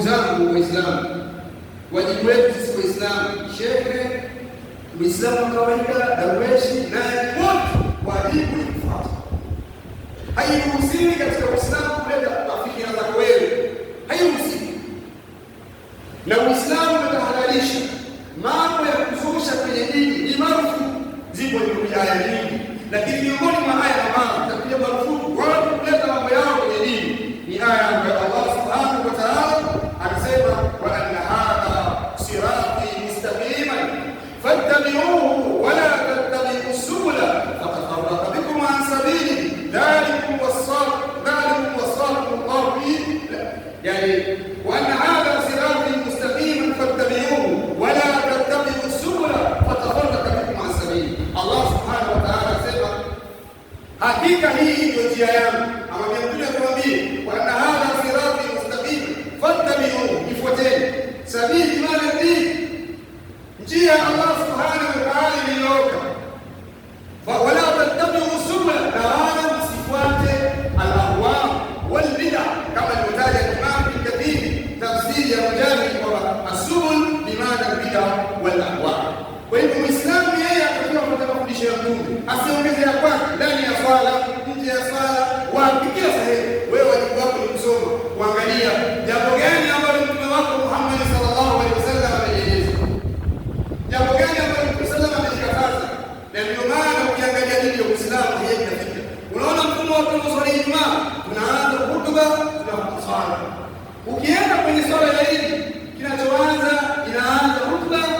zangu Waislamu, wajibu wetu sisi Waislamu, shehe, Muislamu wa kawaida, darweshi naye, wote wajibu ni kufuata. Hairuhusiwi katika Uislamu kuleta fikira zako wewe, hairuhusiwi. Na Uislamu umetahalalisha mambo ya kuzusha kwenye dini, ni marufu, zipo aya nyingi, lakini miongoni mwa haya mambo takuja marufuku swala. Ukienda kwenye swala ya Idi, kinachoanza inaanza hutba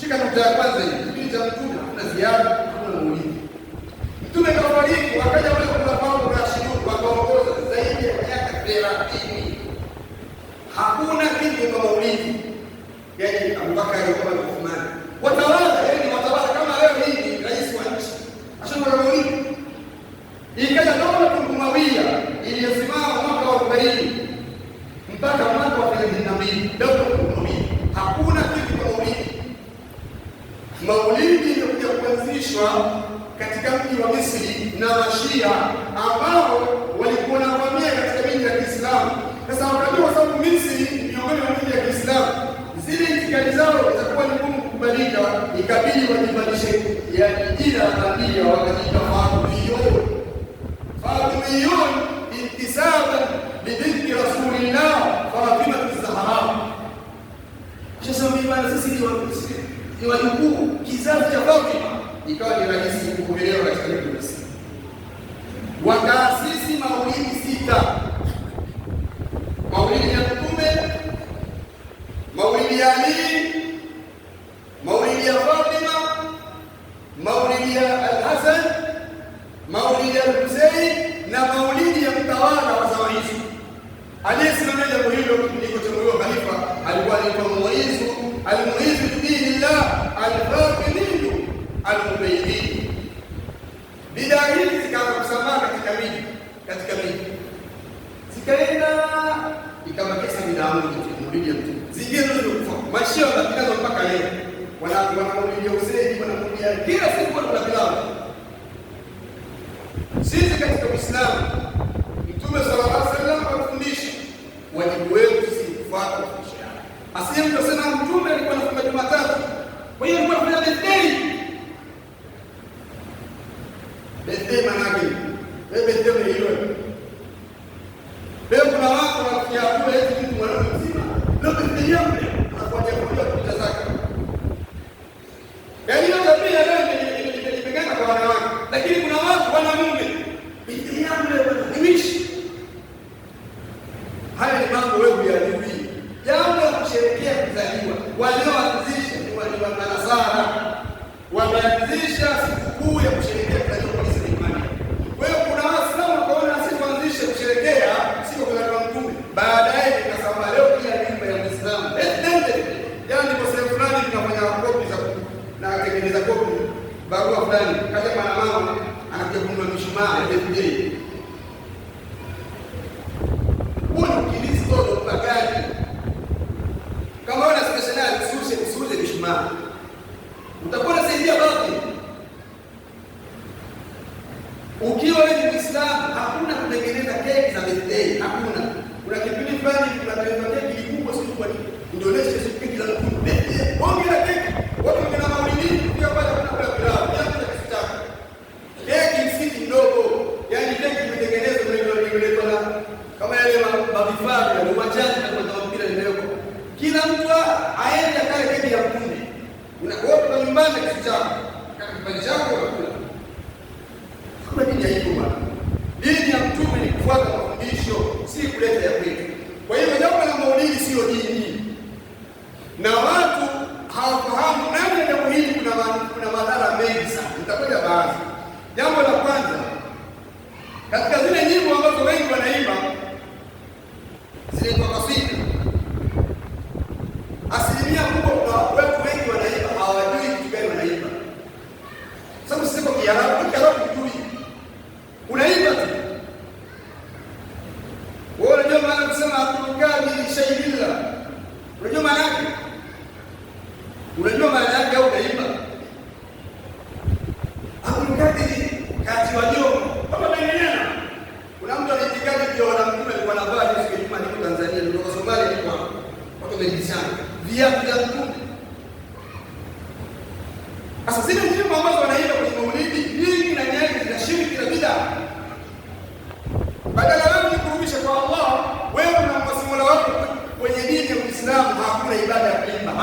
Shika nukta ya kwanza hii, kipindi cha mtume hakuna ziara, hakuna maulizi. Mtume kafariki, wakaja wale kwa Paulo na Rashidun wakaongoza zaidi ya miaka 30. Hakuna kitu cha maulizi. Yaani Abubakari kwa Uthman. Watawala kuhamishwa katika mji wa Misri na Washia ambao walikuwa na wanavamia katika mji ya Kiislamu. Sasa wakati kwa sababu Misri ni miongoni mwa mji ya Kiislamu, zile itikadi zao zitakuwa ni ngumu kukubalika, ikabidi wajibadilishe ya jina la nabii wakajiita Fatimiyun. Fatimiyun intisaba libinti Rasulillah Fatima Zahra. Sasa mimi bana, sisi ni wa Misri, ni wajukuu kizazi cha Fatima ikawa ni rahisi kupokelewa katika hilo kanisa, wakaasisi maulidi sio natangaza mpaka leo, Wana wanamrudia Hussein, wanamrudia kila siku, wana pilau. Sisi katika Uislamu Mtume sallallahu alaihi wasallam anafundisha wajibu wetu si kufuata Asiye mtu sana Mtume alikuwa anafunga Jumatatu, kwa hiyo alikuwa anafanya birthday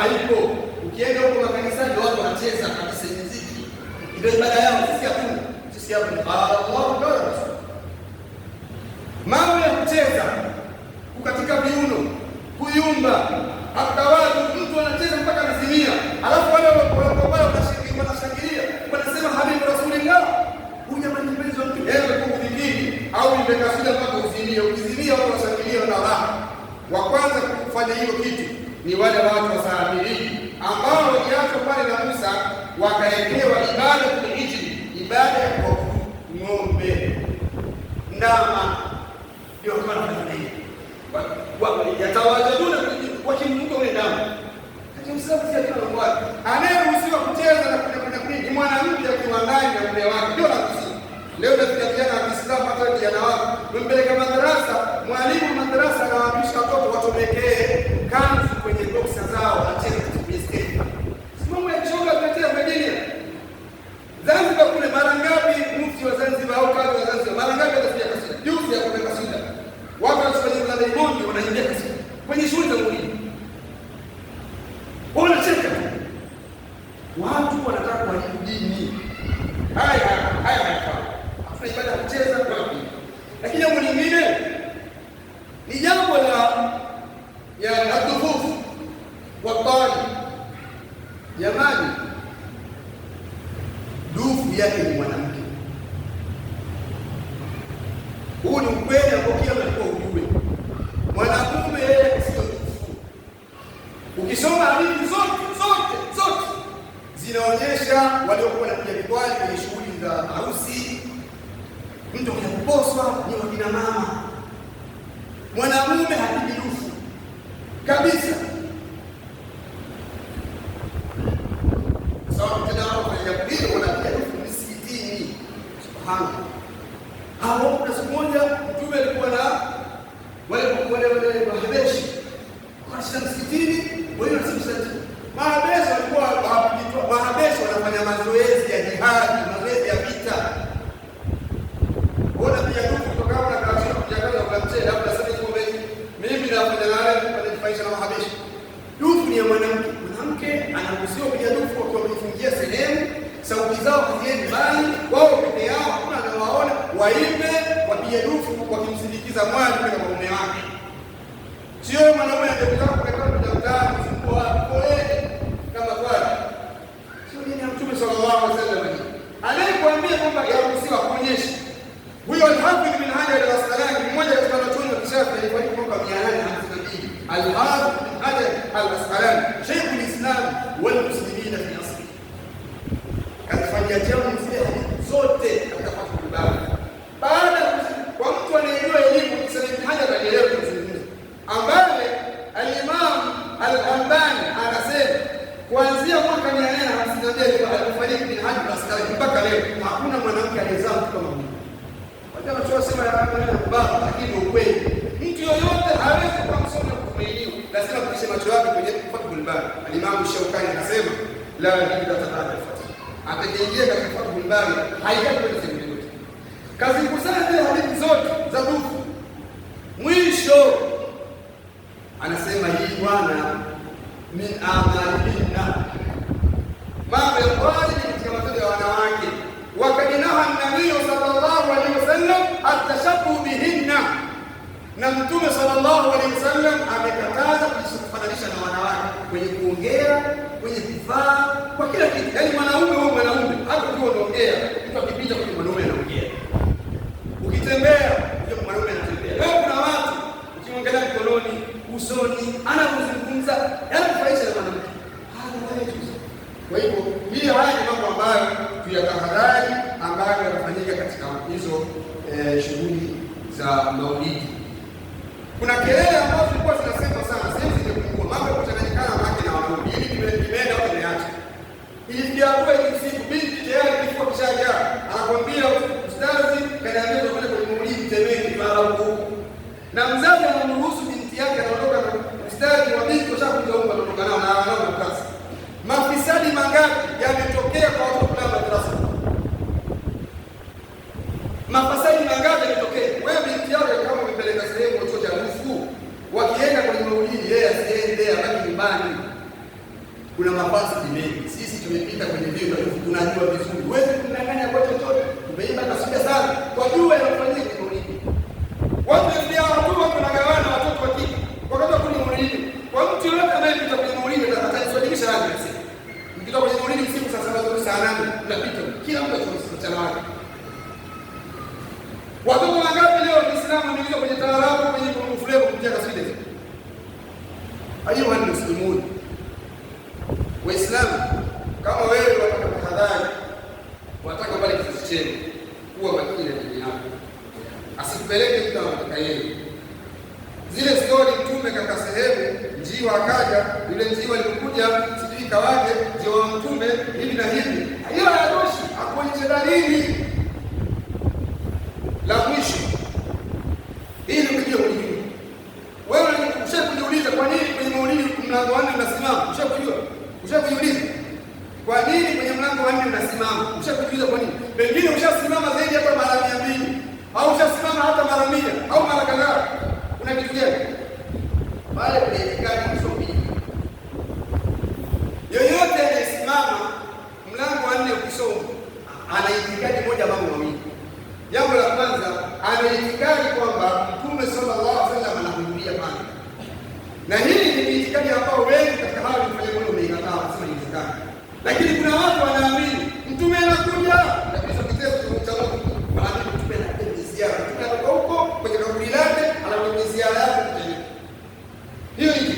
haipo. Ukienda huko makanisani watu wanacheza kabisa muziki, ndio ibada yao. Sisi hakuna, sisi hapo Allahu Akbar. Mambo ya kucheza, kukatika viuno, kuyumba, hata watu mtu anacheza mpaka anazimia, alafu wale wanapokuwa wale wanashiriki, wanashangilia, wanasema habibu rasulillah. Huyu mpenzi wa mtu, ewe kufikiri au imekaa mpaka uzimie. Ukizimia watu wanashangilia na raha. Wa kwanza kufanya hiyo kitu ni wale watu wa Saabilii ambao waliachwa pale na Musa, wakaekewa ibada kulijili, ibada ya kuabudu ng'ombe, ndama, ndio kama yatawajaduna wakimnuka ule ndama katimsaziakiwanakwake anayeruhusiwa kucheza na kuna kuna ni mwanamke akiwangani na mume wake, ndio nakusi leo nafika vijana wa Kiislamu, hata vijana wao mempeleka madarasa, mwalimu madarasa anawaambisha watoto watomekee kanzu kwenye boksa zao. nguvu yake ni mwanamke. Huu ni ukweli ambao kila mtu ujue, mwanamume yeye sio Ukisoma hadithi zote zote zote zinaonyesha waliokuwa wanakuja Likwali kwenye shughuli za harusi, mtu kuja kuposwa ni wakina mama, mwanamume siku moja mtume alikuwa na wale wale Mahabeshi, wakashinda msikitini, wengine wanasema mahabeshi za mwali kwa maume wake. Sio mwanaume anayekutaka kuleta kutafuta mfuko wa pole kama kwani. Sio nini ya Mtume sallallahu alaihi wasallam. Anayekuambia kwamba yaruhusiwa kuonyesha. Huyo Al-Hafidh bin Hajar al-Asqalani mmoja katika wanachuoni wa Kishafi alikuwa ni mwaka 852. Al-Hafidh bin Hajar al-Asqalani. leo hakuna mwanamke aliyezaa mtoto kama huyu. Wajua watu wasema baba, lakini ukweli mtu yoyote hawezi kuwa msomi lazima kupisha macho yake kwenye Fathul Bari. Alimamu Shaukani akasema la hijrata ba'da al katika Fathul Bari haitaki kwenda sehemu yoyote, kazikusanye hadithi zote za dufu mwisho na Mtume sallallahu alaihi wasallam amekataza kujifananisha na wanawake kwenye kuongea, kwenye kuvaa, kwa kila kitu. Yaani mwanaume au mwanaume, hata ukiwa unaongea, mtu akipita kwa mwanaume anaongea, ukitembea kwa mwanaume anatembea. Leo kuna watu ukiongelea mkononi, usoni, anazungumza, yaani na mwanamke hanaejuza. Ah, kwa hivyo hii haya ni mambo ambayo tuyatahadhari, ambayo yanafanyika katika hizo eh, shughuli za maulidi. Una que kuna mabasi mengi, sisi tumepita kwenye vio, tunajua vizuri. Wewe tunang'anya kwa chochote, tumeiba kasudia sana, kwa jua yanafanyia kimuridi watu ndio watu wako na gawana watoto wa kike wakati kuni muridi kwa mtu yote anayepita kwenye muridi atajisalimisha raji Sisi mkitoka kwenye muridi msimu saa saba zuri saa nane unapita kila mtu achukua mchana wake. Watoto wangapi leo Waislamu ndio kwenye taarabu kwenye kufulego kupitia kasudia hiyo, wani msimu Waislamu, kama wewe wataka tahadhari, wataka bali kizazi chenu kuwa makini na dini yako, asipeleke mtu anataka yeye. Zile stori Mtume kaka sehemu njiwa akaja, yule njiwa alikuja sijui kawaje, njiwa wa Mtume hivi na hivi, hiyo hayatoshi, akuonyeshe dalili. La mwisho hii ukija kujua wewe, ushakujiuliza kwa nini kwenye maulidi mlango wanne unasimama? Ushakujua kujuliza kwa nini kwenye mlango wa nne unasimama? Mshakujiuliza kwa nini? Pengine ushasimama zaidi hata mara 200 au ushasimama hata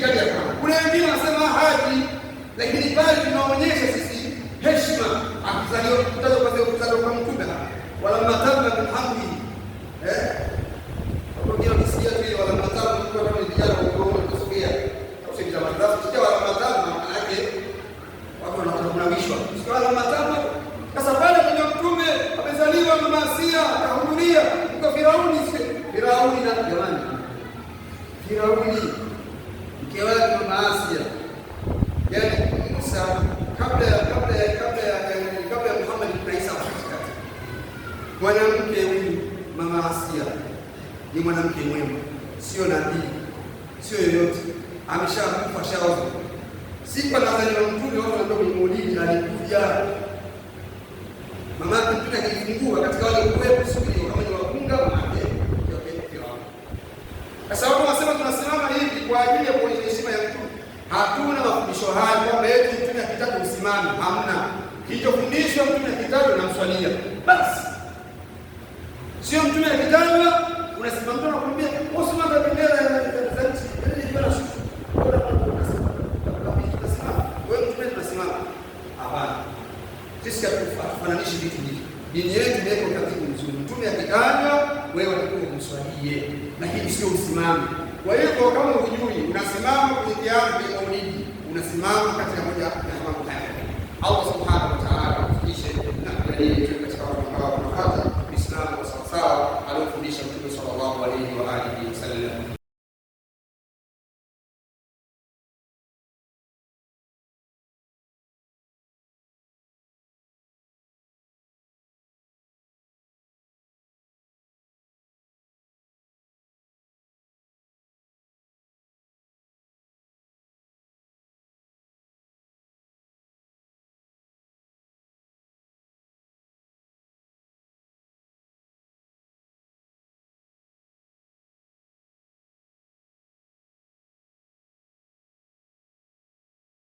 kati kama. Kuna wengine wanasema haji, lakini bali tunaonyesha sisi heshima akizaliwa kutazo kwa sababu kutazo kwa wala hamdi eh wala kama vijana wa kusogea wala maana yake wala sasa pale mtume amezaliwa na masia akahudhuria kwa Firauni Firauni na jamani Firauni mke wake Maasia. Yaani Musa kabla ya kabla ya kabla ya kabla ya Muhammad kuna Isa katikati. Mwanamke huyu mama Asia ni mwanamke mwema, sio nabii, sio yoyote, ameshakufa shaoza. Siku anazaliwa mtume, watu wanaenda kwenye maulidi, alikuja mama yake mtume katika wale kuwepo siku hiyo, kama ni wakunga maake, sasa watu wanasema tunasimama hivi kwa ajili ya mahali kwamba eti mtume akitaka usimame, hamna fundisho. Mtume akitajwa namswalia, basi sio mtume akitajwa unasimama, nakwambia usimame bendera ya Hatufananishi vitu hivi. Dini yetu imeweka utaratibu mzuri, mtume akitajwa wewe lakini sio usimame. Kwa hiyo kama hujui unasimama kwenye kiambi Magro Catriamante.